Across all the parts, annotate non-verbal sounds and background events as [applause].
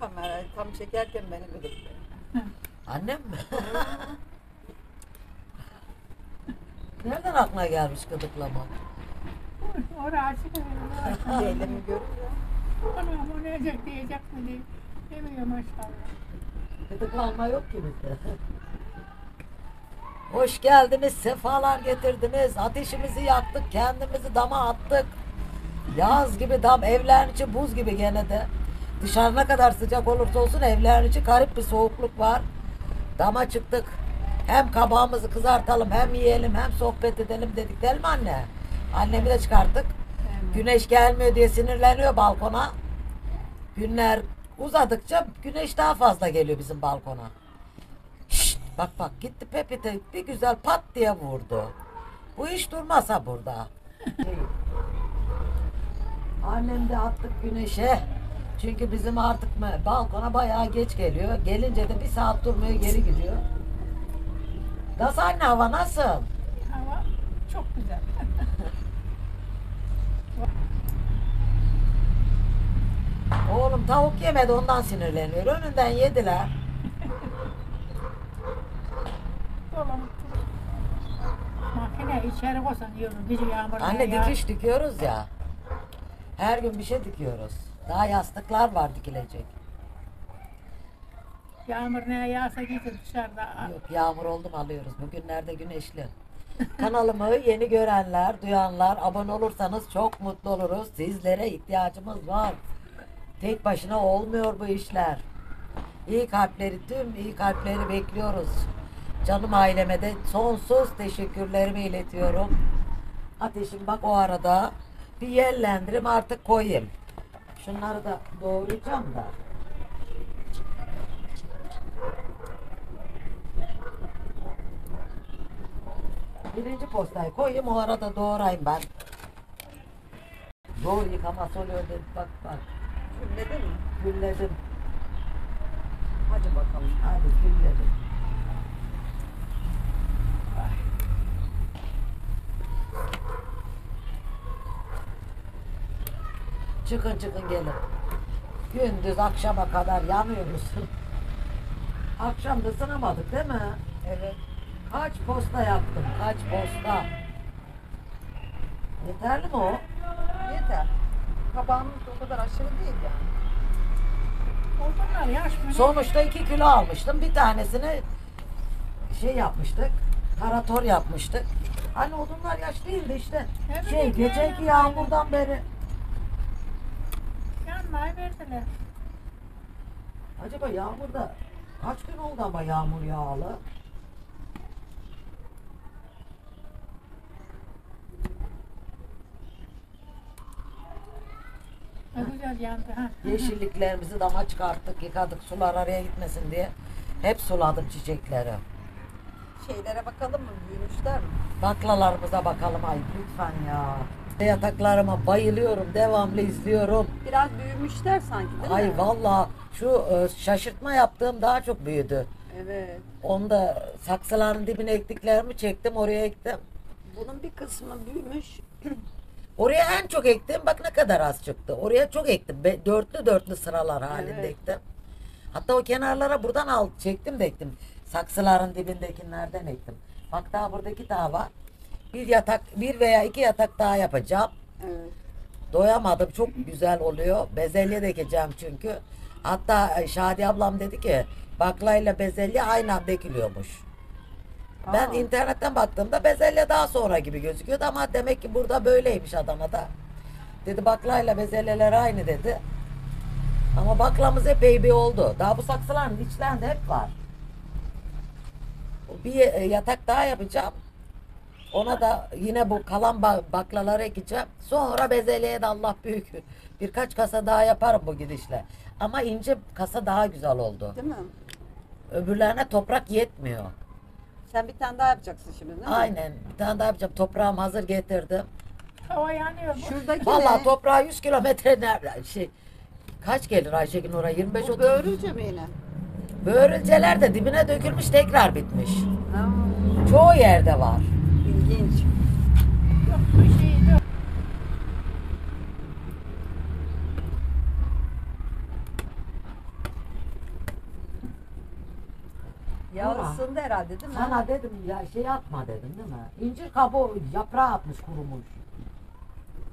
Kamera tam çekerken beni kırıktı. Annem mi? [laughs] Nereden aklına gelmiş gıdıklama? Orası açık. Elimi görüyor. Anam o ne diyecek diyecek mi diye. Ne maşallah. Gıdıklanma yok ki bizde. Hoş geldiniz, sefalar getirdiniz. Ateşimizi yaktık, kendimizi dama attık. Yaz gibi tam evlerin içi buz gibi gene de. ne kadar sıcak olursa olsun evlerin içi garip bir soğukluk var. Dama çıktık. Hem kabağımızı kızartalım hem yiyelim hem sohbet edelim dedik değil mi anne? Annemi de çıkarttık. Güneş gelmiyor diye sinirleniyor balkona. Günler uzadıkça güneş daha fazla geliyor bizim balkona. Şşt, bak bak gitti Pepite bir güzel pat diye vurdu. Bu iş durmasa burada. [laughs] Annem de attık güneşe. Çünkü bizim artık balkona bayağı geç geliyor. Gelince de bir saat durmuyor geri gidiyor. Nasıl anne hava nasıl? Hava çok güzel. [laughs] Oğlum tavuk yemedi ondan sinirleniyor. Önünden yediler. Makine içeri koysan yiyoruz. Gece yağmurda Anne yağ- dikiş dikiyoruz ya. Her gün bir şey dikiyoruz. Daha yastıklar var dikilecek. Yağmur ne yağsa getir dışarıda. Yok yağmur oldu mu alıyoruz. Bugünlerde güneşli. [laughs] Kanalımı yeni görenler, duyanlar, abone olursanız çok mutlu oluruz. Sizlere ihtiyacımız var. Tek başına olmuyor bu işler. İyi kalpleri, tüm iyi kalpleri bekliyoruz. Canım aileme de sonsuz teşekkürlerimi iletiyorum. Ateşim bak o arada bir yerlendireyim artık koyayım. Şunları da doğrayacağım da. Birinci postayı koyayım o arada doğrayayım ben. Doğru yıkaması oluyor dedi. Bak bak. Gülledin mi? Gülledim. Hadi bakalım. Hadi gülledim. Çıkın çıkın gelin. Gündüz akşama kadar yanıyoruz. Akşam da ısınamadık değil mi? Evet. Kaç posta yaptım? Kaç posta? Yeterli mi o? Yeter. Kabağımız da o kadar aşırı değil yani. Ortamlar yaş Sonuçta iki kilo almıştım. Bir tanesini şey yapmıştık. Tarator yapmıştık. Hani odunlar yaş değildi işte. Evet, şey geceki yağmurdan beri var verdiler. Acaba yağmurda kaç gün oldu ama yağmur yağalı? Ne güzel yandı ha. Yeşilliklerimizi dama çıkarttık, yıkadık sular araya gitmesin diye. Hep suladım çiçekleri. Şeylere bakalım mı? Büyümüşler mi? Baklalarımıza bakalım ay lütfen ya. Yataklarıma bayılıyorum. Devamlı izliyorum. Biraz büyümüşler sanki değil mi? Ay valla şu e, şaşırtma yaptığım daha çok büyüdü. Evet. Onu da saksıların dibine ektiklerimi çektim oraya ektim. Bunun bir kısmı büyümüş. [clears throat] Oraya en çok ektim. Bak ne kadar az çıktı. Oraya çok ektim. Dörtlü dörtlü sıralar halinde Evet. ektim. Hatta o kenarlara buradan al çektim de ektim. Saksıların dibindekilerden ektim. Bak daha buradaki daha var. Bir yatak, bir veya iki yatak daha yapacağım. Evet. Doyamadım. Çok güzel oluyor. Bezelye de dikeceğim çünkü. Hatta e, Şadi ablam dedi ki baklayla bezelye aynı anda ekiliyormuş. Ben internetten baktığımda bezelye daha sonra gibi gözüküyordu ama demek ki burada böyleymiş Adana'da. Dedi baklayla bezelyeler aynı dedi. Ama baklamız epey bir oldu. Daha bu saksıların içlerinde hep var. Bir e, yatak daha yapacağım. Ona da yine bu kalan baklalar ekeceğim. Sonra bezelyeye de Allah büyük. Birkaç kasa daha yaparım bu gidişle. Ama ince kasa daha güzel oldu. Değil mi? Öbürlerine toprak yetmiyor. Sen bir tane daha yapacaksın şimdi değil mi? Aynen. Bir tane daha yapacağım. Toprağım hazır getirdim. Hava yanıyor mu? Şuradaki Valla toprağı 100 kilometre nerede? Şey, kaç gelir Ayşegül oraya? 25 30. Bu böğürülce mi yine? Böğürülceler de dibine dökülmüş tekrar bitmiş. Ha. Çoğu yerde var ilginç. Yok bir şey yok. Yavrusunda herhalde değil mi? Sana dedim ya şey atma dedim değil mi? İncir kabuğu yaprağı atmış kurumuş.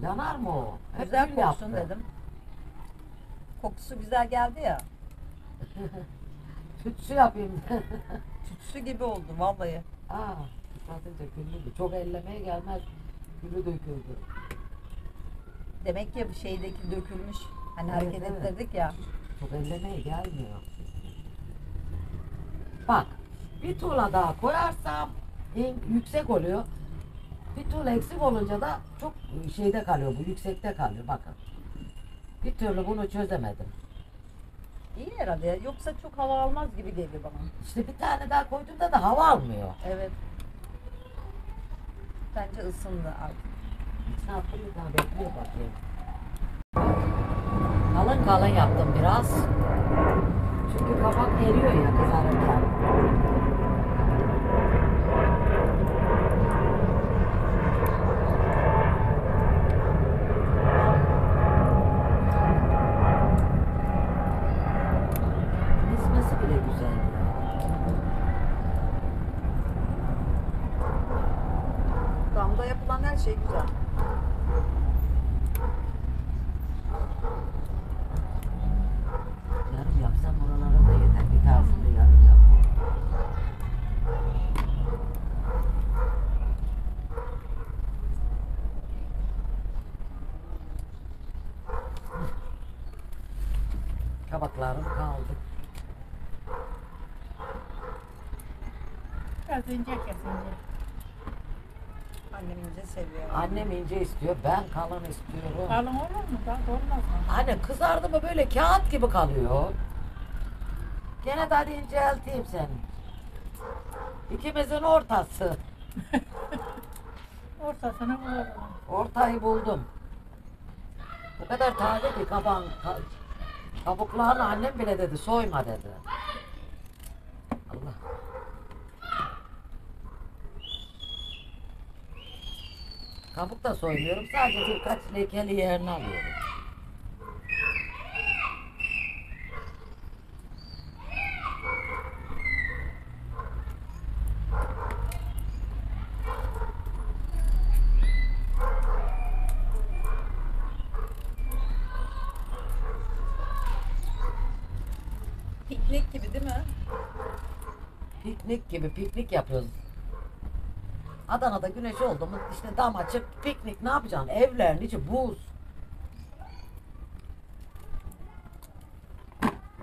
Yanar mı o? Güzel gül koksun yaptı. dedim. Kokusu güzel geldi ya. [laughs] Tütsü yapayım. [laughs] Tütsü gibi oldu vallahi. Aa zaten dökülürdü. Çok ellemeye gelmez. Gülü döküldü. Demek ki şeydeki dökülmüş. Hani Evet, hareket evet. ettirdik ya. Çok ellemeye gelmiyor. Bak bir tuğla daha koyarsam in- yüksek oluyor. Bir tuğla eksik olunca da çok şeyde kalıyor bu yüksekte kalıyor bakın. Bir türlü bunu çözemedim. İyi herhalde. Yoksa çok hava almaz gibi geliyor bana. İşte bir tane daha koyduğumda da hava almıyor. Evet bence ısındı artık. Misafirlik daha bekliyor bakayım. Kalın kalın yaptım biraz. Çünkü kabak eriyor ya kızarırken. Kabaklarım kaldı. Biraz ince kesince. Annem ince seviyor. Annem ince istiyor, ben kalın istiyorum. Kalın olur mu? Ben olmaz mı? Hani kızardı mı böyle kağıt gibi kalıyor. Gene de hadi incelteyim seni. İkimizin ortası. [laughs] Ortasını bulalım. Ortayı buldum. Bu kadar taze ki kaban, Kabuklarını annem bile dedi soyma dedi. Allah. Kabuk da soymuyorum. Sadece birkaç lekeli yerini alıyorum. gibi piknik yapıyoruz. Adana'da güneş oldu mu işte dam açık piknik ne yapacaksın? Evlerin içi buz.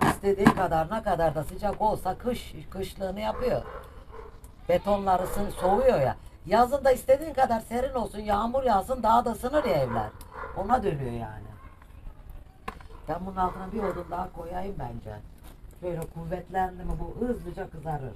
İstediği kadar ne kadar da sıcak olsa kış kışlığını yapıyor. Betonları soğuyor ya. Yazın da istediğin kadar serin olsun, yağmur yağsın, daha da sınır ya evler. Ona dönüyor yani. Ben bunun altına bir odun daha koyayım bence. Böyle kuvvetlendi mi bu hızlıca kızarır.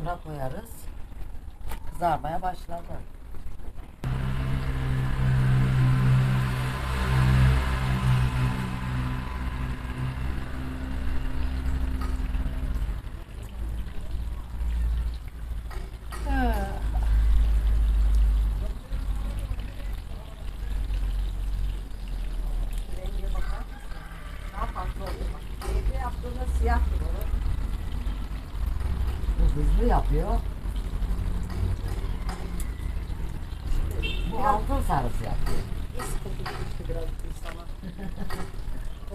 Buna koyarız. Kızarmaya başladı. çıkıyor. Bu altın sarısı yapıyor. Eski gitti biraz bu sana.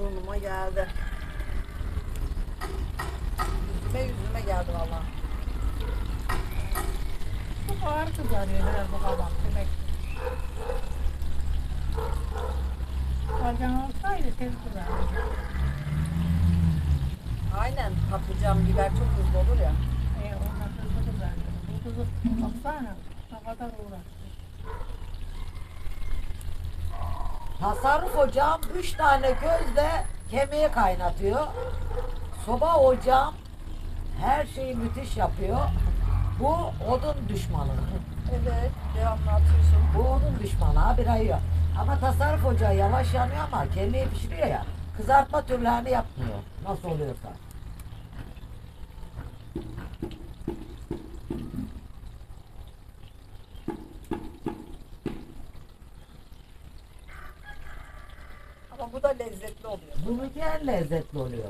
Oğluma geldi. Yüzüme yüzüme geldi valla. Çok ağır kızarıyor biraz bu kadar demek. Patlıcan olsaydı tez kızardı. Aynen patlıcan biber çok hızlı olur ya. Kızım baksana ne kadar Tasarruf ocağım üç tane gözle kemiği kaynatıyor. Soba ocağım her şeyi müthiş yapıyor. Bu odun düşmanı. Evet, Ne anlatıyorsun? Bu odun düşmanı abi ayıyor. Ama tasarruf ocağı yavaş yanıyor ama kemiği pişiriyor ya. Kızartma türlerini yapmıyor. Nasıl oluyorsa. bu da lezzetli oluyor. Bu müker lezzetli oluyor.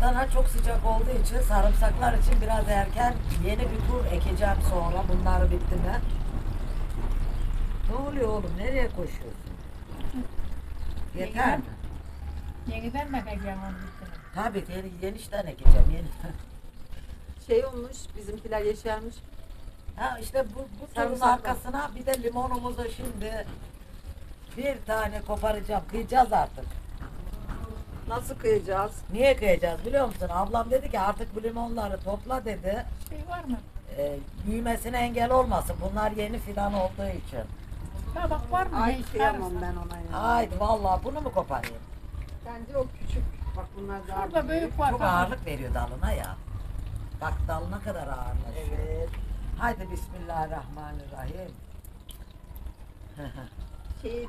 Adana çok sıcak olduğu için sarımsaklar için biraz erken yeni bir kur ekeceğim sonra bunları bitti mi? Ne oluyor oğlum? Nereye koşuyorsun? Yeter mi? Yeniden bakacağım onu bitti. Tabii yeni, yenişten ekeceğim yeniden. [laughs] Şey olmuş, bizimkiler yeşermiş. Ha işte bu, bu Sarımsak. arkasına bir de limonumuzu şimdi bir tane koparacağım. Kıyacağız artık. Nasıl kıyacağız? Niye kıyacağız biliyor musun? Ablam dedi ki artık bu limonları topla dedi. Şey var mı? E, büyümesine engel olmasın. Bunlar yeni fidan olduğu için. Ha bak var mı? Ay kıyamam ben ona ya. Haydi vallahi bunu mu koparayım? Bence o küçük. Bak bunlar daha Şurada büyük var. Çok ağırlık veriyor dalına ya. Bak dalına kadar ağırlaşıyor. Evet. Haydi Bismillahirrahmanirrahim. şey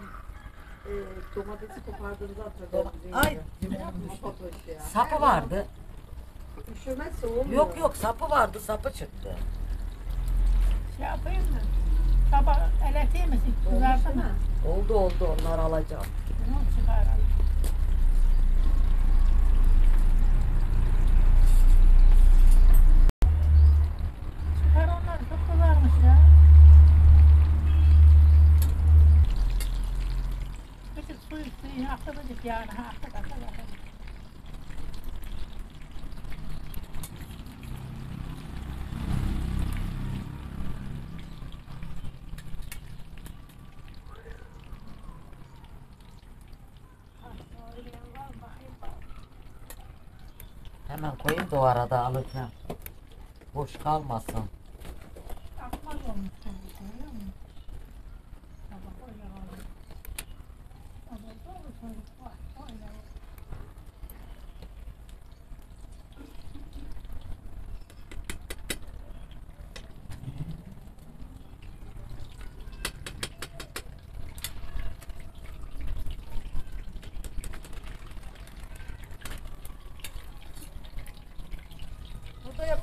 ee, domatesi kopardığınızı hatırlıyorum. Ay. Sapı vardı. Üşümezse olmuyor. Yok yok sapı vardı sapı çıktı. Şey yapayım mı? Sabah eleteyim misin? Kızarsana. Oldu oldu onlar alacağım. Tamam çıkaralım. Hemen koyayım da o arada alırken. Boş kalmasın.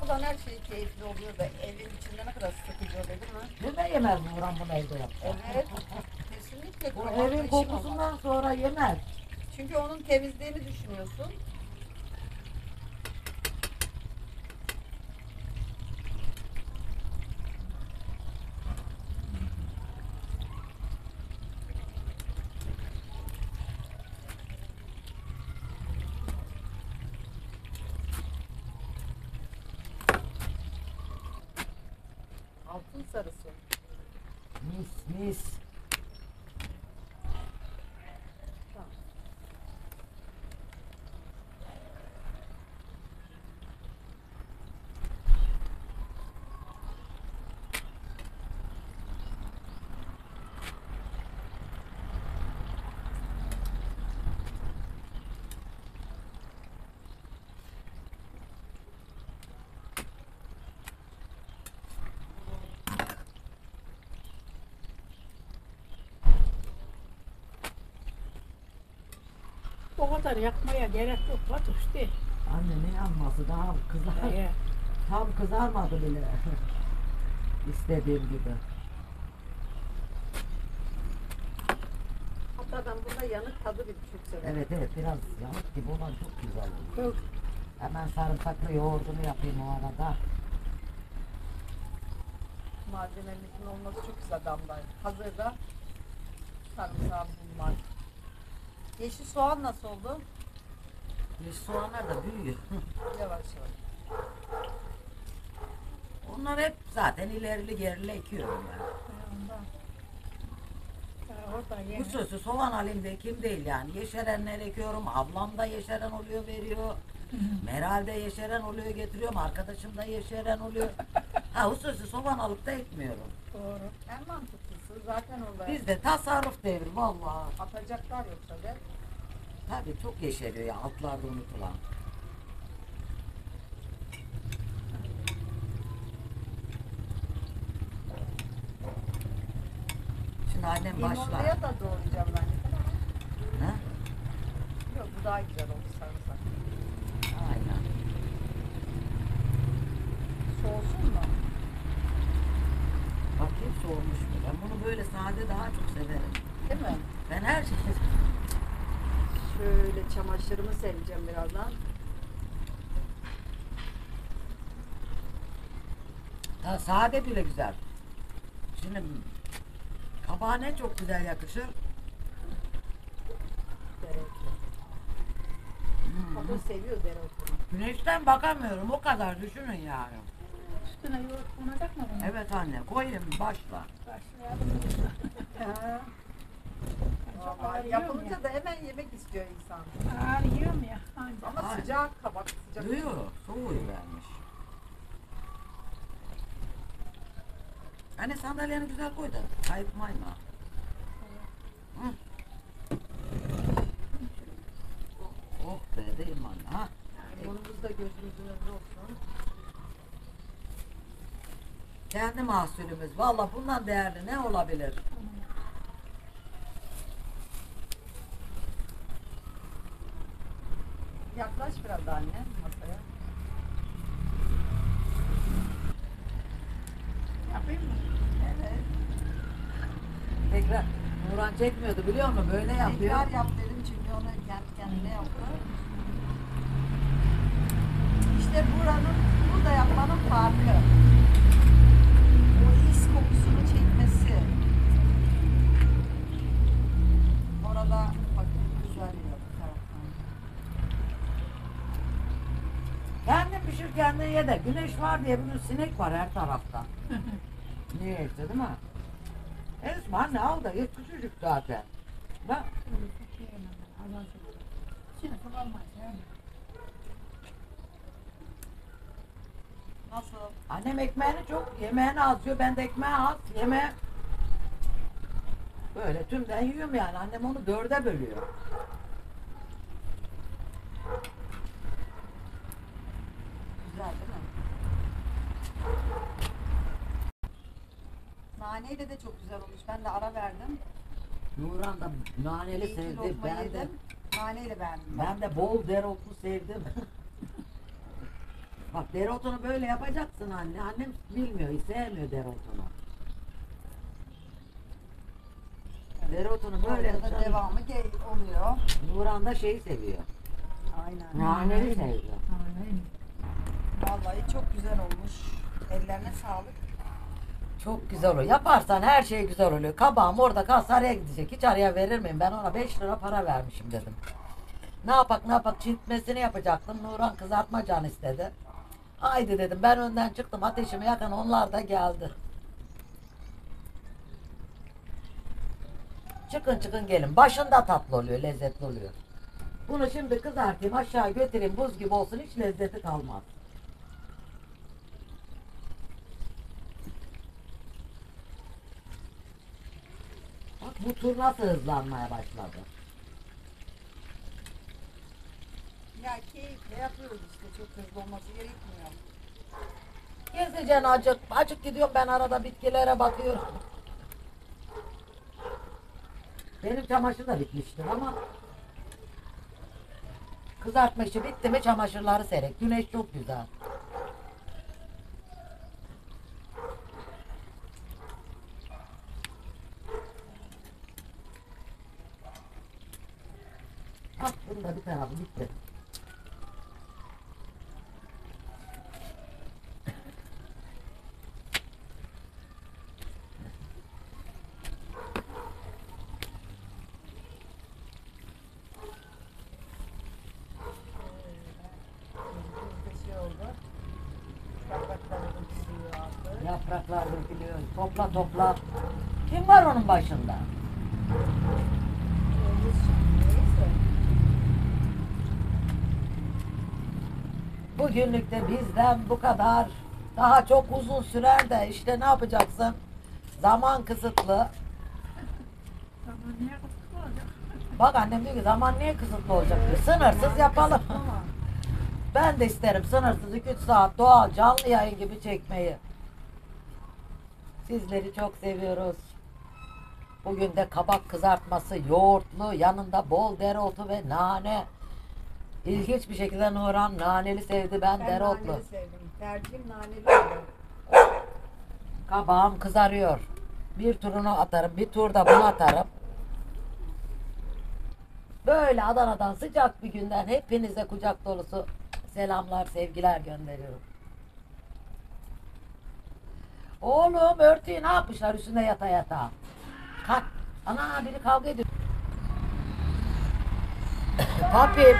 Buradan her şey keyifli oluyor da evin içinde ne kadar sıkıcı oluyor değil mi? Yeme yemez mi Burhan bunu evde yap? Evet. Kesinlikle. Bu evin işim kokusundan sonra yemez. Çünkü onun temizliğini düşünüyorsun. O kadar yakmaya gerek yok Fatoş değil. Anne ne yanması daha kızar. Ee, Tam kızarmadı bile. [laughs] İstediğim gibi. Hatta ben bunda yanık tadı gibi çok seviyorum. Evet evet biraz yanık gibi olan çok güzel olur. Yok. Hemen sarımsaklı yoğurdunu yapayım o arada. Malzememizin olması çok güzel damlar. Hazırda sarımsağımız var. Yeşil soğan nasıl oldu? Yeşil soğanlar da büyüyor. Yavaş yavaş. Onlar hep zaten ilerli gerili ekiyorum ben. Ondan. Bu yeni. sözü soğan alayım de kim değil yani. Yeşerenler ekiyorum. Ablam da yeşeren oluyor veriyor. Meral de yeşeren oluyor getiriyorum. Arkadaşım da yeşeren oluyor. Ha bu sözü soğan alıp da ekmiyorum. Doğru. En mantıklı. Su zaten olay. Bizde tasarruf devri vallahi. Atacaklar yoksa de. Tabii çok yeşeriyor ya altlarda unutulan. Şimdi annem başlar. Limonluya da doğrayacağım ben. Ha? Yok bu daha güzel oldu sarımsak. Aynen. Soğusun mu? diye soğumuş. Ben bunu böyle sade daha çok severim. Değil mi? Ben her şeyi Şöyle çamaşırımı sereceğim birazdan. Ha, sade bile güzel. Şimdi kabağa ne çok güzel yakışır. Dereotu. Hmm. seviyor dereotunu. Güneşten bakamıyorum o kadar düşünün yani üstüne yoğurtlanacak mı bunu? Evet anne koyayım başla. Başlayalım. Ha. ya? da hemen yemek istiyor insan. Ağrıyor yiyorum ya? Ancak. Ama Ay. sıcak kabak sıcak. Duyuyor soğuyu vermiş. Anne sandalyeni güzel koy da kayıtmayma. Hı. Oh, oh be değil mi anne ha? Yolumuz da gözümüzün önünde olsun. Kendi mahsulümüz. Valla bundan değerli ne olabilir? Yaklaş biraz daha anne masaya. Yapayım mı? Evet. Tekrar. Nurhan çekmiyordu biliyor musun? Böyle yapıyor. Tekrar yap dedim çünkü onu kendi kendine yapıyor. İşte buranın, burada yapmanın farkı. götür kendini ye Güneş var diye bugün sinek var her tarafta. [laughs] Niyeyse değil mi? Esma anne al da ye küçücük zaten. Ne? Nasıl? Annem ekmeğini çok, yemeğini az diyor. Ben de ekmeği az, yeme Böyle tümden yiyorum yani. Annem onu dörde bölüyor. naneyle de çok güzel olmuş. Ben de ara verdim. Nurhan da naneli İyi sevdi. lokma Ben de, Naneyle beğendim. ben. de bol dereotlu sevdim. Bak dereotunu böyle yapacaksın anne. Annem bilmiyor, sevmiyor dereotunu. Dereotunu böyle yapacaksın. devamı gel- oluyor. Nurhan da şeyi seviyor. Aynen. Naneli seviyor. Vallahi çok güzel olmuş. Ellerine sağlık. Çok güzel oluyor. Yaparsan her şey güzel oluyor. Kabağım orada kalsa araya gidecek. Hiç araya verir miyim? Ben ona 5 lira para vermişim dedim. Ne yapak ne yapak çintmesini yapacaktım. Nuran kızartma can istedi. Haydi dedim ben önden çıktım ateşimi yakan onlar da geldi. Çıkın çıkın gelin. Başında tatlı oluyor, lezzetli oluyor. Bunu şimdi kızartayım, aşağı götüreyim, buz gibi olsun hiç lezzeti kalmaz. bu tur nasıl hızlanmaya başladı? Ya keyifle yapıyoruz işte çok hızlı olması gerekmiyor. Gezeceksin acık. Acık gidiyorum ben arada bitkilere bakıyorum. Benim çamaşır da bitmiştir ama kızartma işi bitti mi çamaşırları serek. Güneş çok güzel. Yapraklar dökülüyor. Topla topla. Kim var onun başında? Bugünlük de bizden bu kadar. Daha çok uzun sürer de işte ne yapacaksın? Zaman kısıtlı. Bak annem diyor ki zaman niye kısıtlı olacak diyor. Sınırsız yapalım. Ben de isterim sınırsız 2-3 saat doğal canlı yayın gibi çekmeyi. Sizleri çok seviyoruz. Bugün de kabak kızartması yoğurtlu, yanında bol dereotu ve nane. İlginç bir şekilde Nurhan naneli sevdi, ben, ben dereotlu. naneli sevdim. Tercihim naneli oldu. Kabağım kızarıyor. Bir turunu atarım, bir tur da bunu atarım. Böyle Adana'dan sıcak bir günden hepinize kucak dolusu selamlar, sevgiler gönderiyorum. Oğlum örtüyü ne yapmışlar üstüne yata yata. Kalk. Ana biri kavga ediyor. Papi.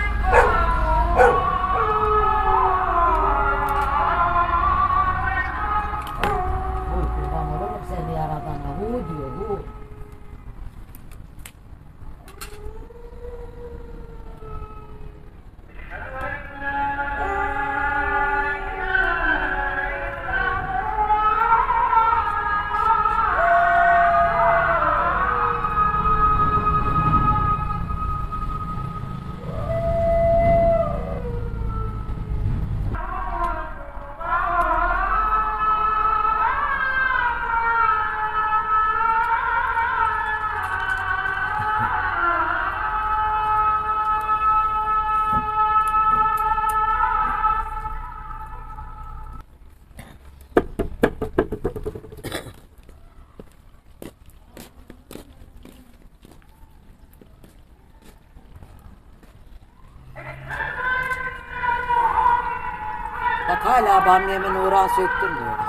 Hala Bamyemen Uğran söktürmüyor.